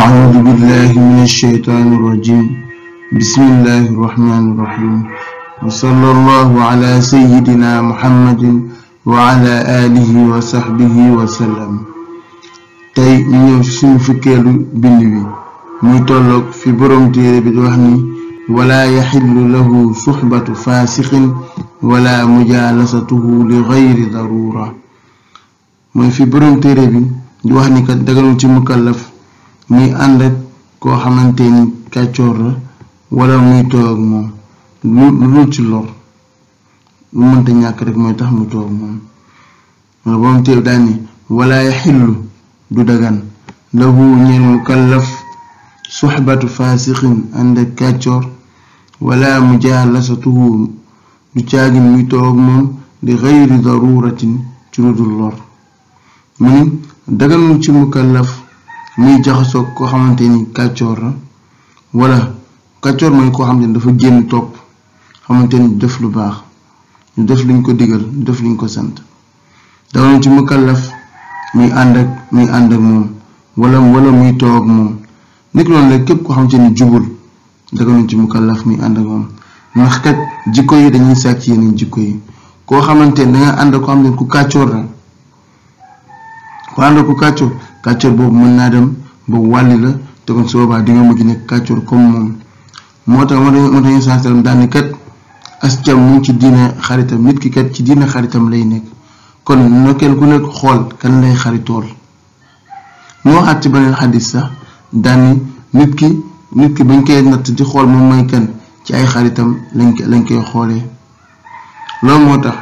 أعوذ بالله من الشيطان الرجيم بسم الله الرحمن الرحيم وصلى الله على سيدنا محمد وعلى آله وصحبه وسلم tey ñu ñëw ci suñu fukkeelu bind bi muy tolloog fi boroom téere bi di wax ni walaa yaxillu lahu suxbatu faasixin wala mujaalasatuhu li gayri darura mooy fi boroom téere bi di wax ni kat daganul ci mukallaf muy ànd ak koo xamante ni kàccoor la wala muy toog moom lu lu ci lor lu mënta ñàkk rek mooy tax mu toog moom wala boom téeb daan ni wala yaxillu du dagan lahu ñeel mukallaf suxbatu faasixin ànd ak kàccoor wala mujaalasatuhu du caagin muy toog moom li gayri daruratin ci lu dul lor mu ni daganul ci mukallaf muy jaxasoo koo xamante ni kàccoor la wala kàccoor mooy koo xamante ni dafa génn topp xamante ni def lu baax ñu def luñ ko digal def luñ ko sant daganul ci mukallaf muy ànd ak muy ànd ak moom wala wala muy toog ak moom nekk loolu rek képp koo xamante ni jubul daganul ci mukallaf muy ànd ak moom ndax kat jikko yi dañuy sàcc yeneen jikko yi koo xamante ni danga ànd ak koo xamante ku kàccoor la ku ànd ko kàccoor kàccoor boobu mën naa dem ba wàlli la te kon su boobaa mujj nekk kàccoor comme moom moo tax moo tax moo kat as cam mu ci diine xaritam nit ki kat ci diine xaritam lay nekk kon nokkeel ku nekk xool kan lay xaritool moo waxaat ci sax daal nit ki nit ki bañ koy natt di xool moom mooy kan ci ay xaritam lañ koy lañ koy xoolee loolu moo tax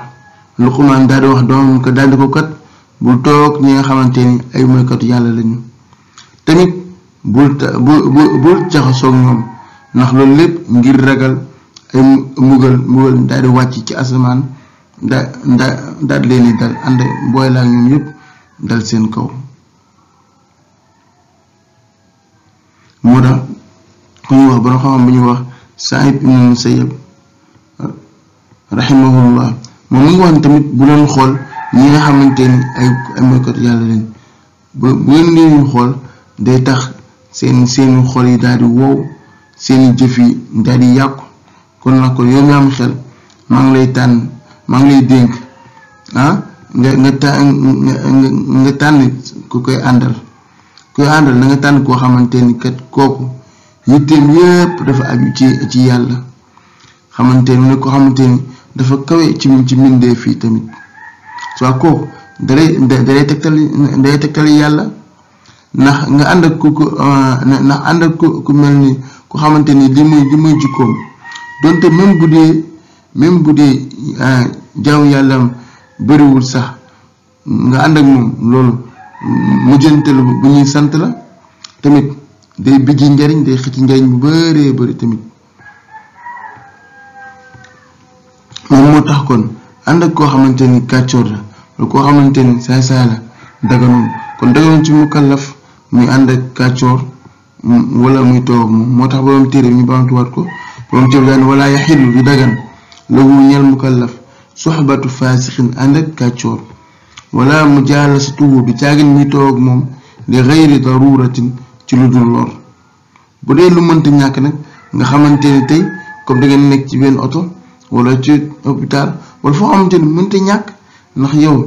Luqmaan daal di wax doomam ko daal di ko kat. bul toog ñi nga xamante ni ay moykatu yàlla lañu tamit bul bul bul jaxasoog ñoom ndax loolu lépp ngir ragal ay mbugal mbugal daal di wàcc ci asamaan da da daal leen di dal ànd booy laa ñoom yépp dal seen kaw moo tax ku ñuy wax borom xam-xam bu ñu wax Saïd ibn Musayyab rahimahullah moom mu ngi wax tamit bu xool ñi nga xamante ni ay ay moykatu yàlla lañ ba bu ngeen xool day tax seen seeni xool yi daal di wow seeni jëf yi daal di yàqu kon nag ko yow mi am xel maa ngi lay tànn maa ngi lay dénk ah nga nga tànn ku koy àndal kuy àndal na nga tànn koo xamante ni kat kooku yitteem yépp dafa aju ci ci yàlla xamante ni ne ko xamante ni dafa kawe ci ci mbindeef fii tamit soit kooku da lay da lay yàlla ndax nga ànd ak ku ku euh, ndax ànd mel ni ku xamante ni li muy li muy jikkoom donte même bu dee même bu dee euh, jaamu yàllaam bëriwul sax nga ànd ak moom loolu mujjantal bu ñuy sant la tamit day bijji njariñ day xëcc njariñ bu bëree bëri tamit moom moo tax kon ànd ak koo xamante ni kàccoor la koo xamante ni saay saay la daganul kon daganul ci mukallaf muy ànd ak kàccoor mm, wala muy toog moom moo tax mu téere ñu bamtuwaat ko borom téere daan wala yaxillu du dagan lawu ñel mukallaf soxbatu faasixin ànd ak kàccoor wala mu jaalasatuhu du caagin muy toog moom li xayri daruratin ci lu dul lor bu dee lu mënta ñàkk nag nga xamante ni tey comme da ngeen nekk ci benn oto wala ci hôpital wala foo xamante ni mënta ñàkk ndax yow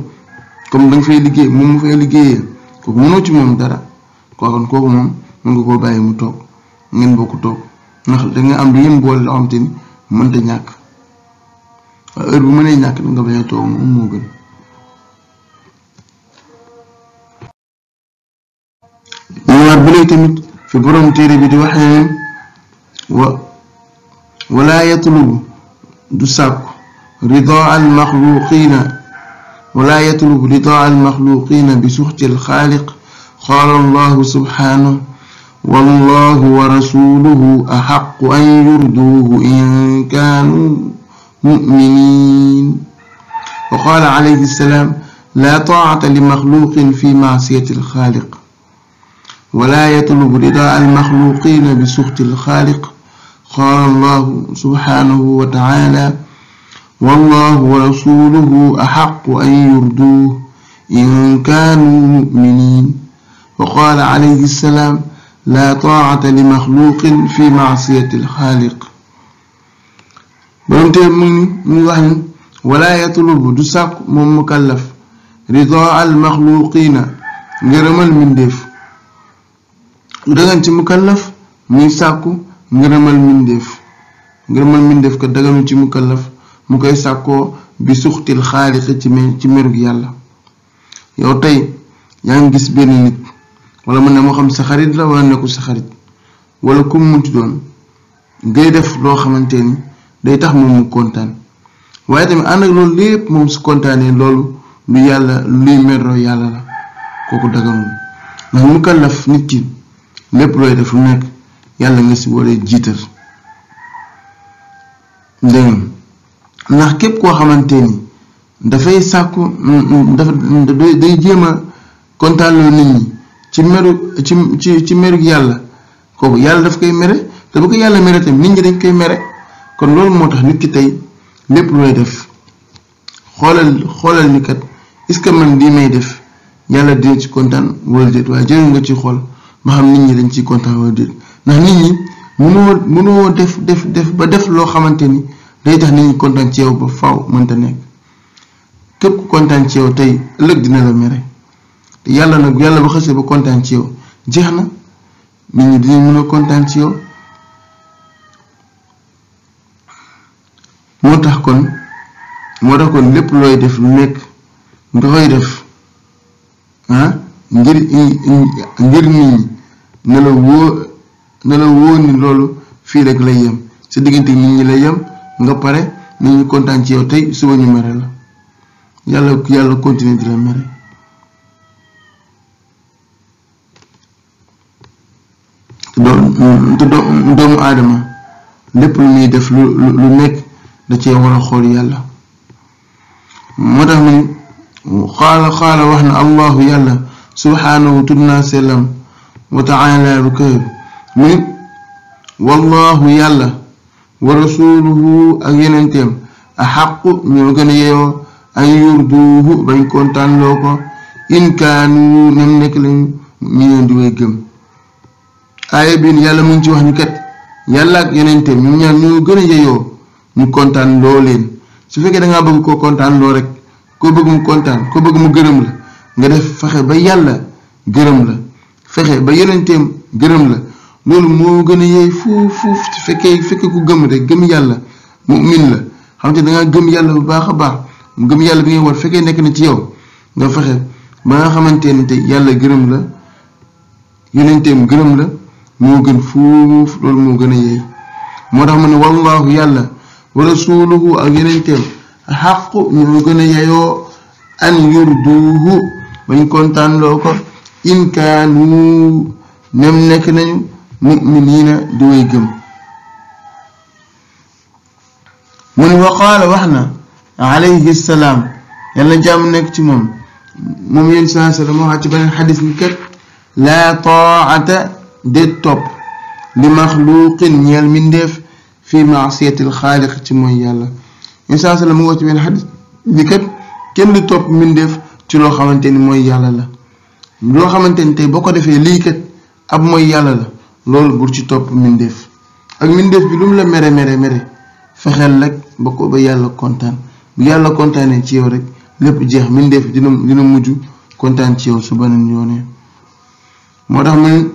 comme da nga fay liggéey moom mu fay liggéeyee kooku mënoo ci moom dara kooku moom mën nga koo bàyyi mu toog ngeen bokk toog ndax da am lu leen boole loo xam mënta ñàkk heure bu mënee ñàkk da nga bañ a toog moom moo gën. ñëwaat ba léegi tamit fi borom téere bi di waxee wa wala yatlubu du sàkku ridaa al maxluqiina wala yatlubu ridaa almaxluqina bi suxti alxaaliq qaala allahu subxaanahu wallahu wa rasuluhu axaqu an yurduuhu in kaanuu muminin wa qaala alayhi salaam laa taacata limaxluqin fi macsiyati alxaaliq wala yatlubu ridaa almaxluqina bi suxti alxaaliq qaala allahu subxaanahu wa tacaala والله ورسوله أحق أن يردوه إن كانوا مؤمنين وقال عليه السلام لا طاعة لمخلوق في معصية الخالق borom téere mu ngi muy wax ni wala yatlubu du sàkku moom mukallaf ridaa al maxluqiina ngërëmal mbindeef lu dagan ci mukallaf muy sàkku ngërëmal mbindeef ngërëmal mbindeef ko daganul ci mukallaf mu koy sàkkoo bi suxtil xaaliqi ci ci merug yàlla yow tey yaa ngi gis benn nit wala mën na moo xam sa xarit la wala nekkul sa xarit wala ku mu munti doon ngay def loo xamante ni day tax moom mu kontaan waaye tamit ànd loolu lépp moom su kontaanee loolu lu yàlla luy meroo yàlla la kooku daganul ndax mu kàllaf nit ki lépp looy def lu nekk yàlla nga si wala jiital dégg ndax képp koo xamante ni dafay sàkku dafa day jéem a kontaanloo nit ñi ci meru ci ci ci yàlla kooku yàlla daf koy mere te bu ko yàlla mere tamit nit ñi dañ koy mere kon loolu moo tax nit ki tey lépp looy def xoolal xoolal ni kat est-ce que man lii may def yàlla dina ci kontaan wala déet waaye jëriñ nga ci xool ba xam nit ñi dañ ciy kontaan wala déet ndax nit ñi mënoo mënoo def def def ba def loo xamante ni. day tax nit ñi kontaan ci yow ba faw mënta nekk képp kontaan ci yow tey ëllëg dina la mere te yàlla nag yàlla bu xasee ba kontaan ci yow jeex na nit ñi dinañ mën a kontaan ci yow moo tax kon moo tax kon lépp looy def lu nekk nga koy def ah ngir ngir nit ñi ne la wóo ne ni loolu fii rek lay yem sa diggante nit ñi lay yem nga pare ni ñu kontaan ci yow tey suba ñu mere la yàlla yàlla continuer di la doomu aadama lépp lu muy def lu lu nekk da cee war xool yàlla moo tax ni xaala xaala wax na allahu yàlla subhaanahu tudd naa sellam wa taala lu kër mi wallahu yàlla wa rasuluhu ak yenenteem a xaqu ñoo gën a yeeyoo an yurduuhu bañ kontaanloo ko in kaanu nem nekk lañu ñu leen di gëm aaya bi yàlla mu ngi ci wax ni kat yàlla ak yenenteem ñoom ñaar ñoo gën a yeeyoo ñu kontaan loo leen su fekkee dangaa bëgg koo kontaan loo rek koo bëgg mu kontaan koo bëgg mu gërëm la nga def fexe ba yàlla gërëm la fexe ba yenenteem gërëm la loolu moo gën a yeey fuuf fuuf su fekkee fekkee ku gëm rek gëm yàlla mu'min la xam te da gëm yàlla bu baax a baax gëm yàlla bi ngay war fekkee nekk na ci yow nga fexe ba nga xamante ne te yàlla gërëm la yonenteem gërëm la moo gën fuuf loolu moo gën a yeey moo tax ma ne wallaahu yàlla wa rasuluhu ak yonenteem xàqu ñoo gën a yeyoo an yurduhu bañ kontaan loo ko inkaanu nem nekk nañu mu'miniina di way gëm mu ne wa qaala wax na alayhi salaam la na jàmm nekk ci moom moom yéen saa sallam waxaat ci beneen xadis ni kat laa taa'ata de topp li maxluuqin ñeel mindeef fi maasiyatil xaaliq ci mooy yàlla yéen saa sallam mu wax ci beneen xadis ni kat kenn topp mindeef ci loo xamante ni mooy yàlla la loo xamante ni tey boo ko defee lii kat ab mooy yàlla la loolu bul ci topp mbindeef ak mbindeef bi lu mu la mere mere mere fexeel rek ba ba yàlla kontaan bu yàlla kontaanee ci yow rek lépp jeex mbindeef dina dina mujj kontaan ci yow su beneen yoonee moo tax mu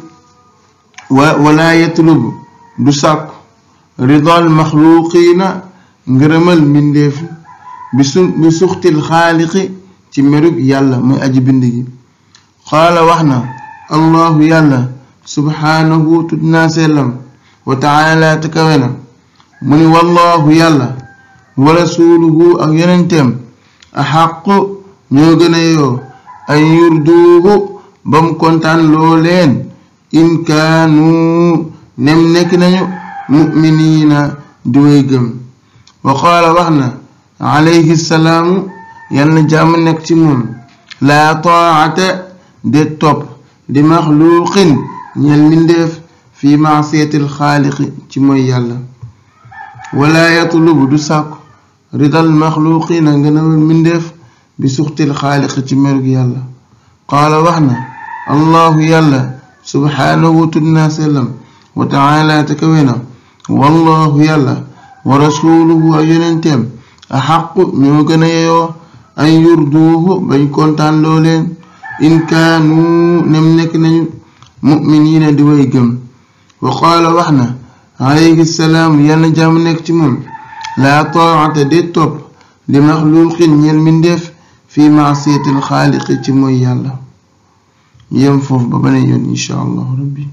wa wala yatlub du sàkku ridaal maxluqiina ngërëmal mbindeef bi su bi suxtil xaaliqi ci merug yàlla mooy aji bind gi xaala wax na allahu yàlla subhaanahu tudd naa sellam wa taala te kawe na mu ni wallaahu yàlla wa rasuluhu ak yonenteem a xàqu ñoo gën a yoo ay yurduuhu ba kontaan loo leen in kaanu nem nekk nañu mu'miniina di way gëm wa qaala wax na alayhi salaamu na jàmm nekk ci moom laa taa'ata de topp di maxluuqin ñeel fii maasiyatil xaaliqi ci mooy yàlla wala yatlubu du sàkku ridal maxluuqiina ngënawal bi suxtil xaaliqi ci merug yàlla qaala wax na allahu yàlla subhaanahu sellam wa taala te kawe na wallahu yàlla wa rasuluhu ak yurduuhu bañ kontaan loo in kaanu nem nekk nañu mu'miniina di way gëm wa qaala wax na alayhi salaam yal na jàmm nekk ci moom laa taa'ata de topp li maxluuqin ñeel mbindeef fii maasiyatil xaaliqi ci mooy yàlla yem foofu ba beneen yoon incha allahu rabbi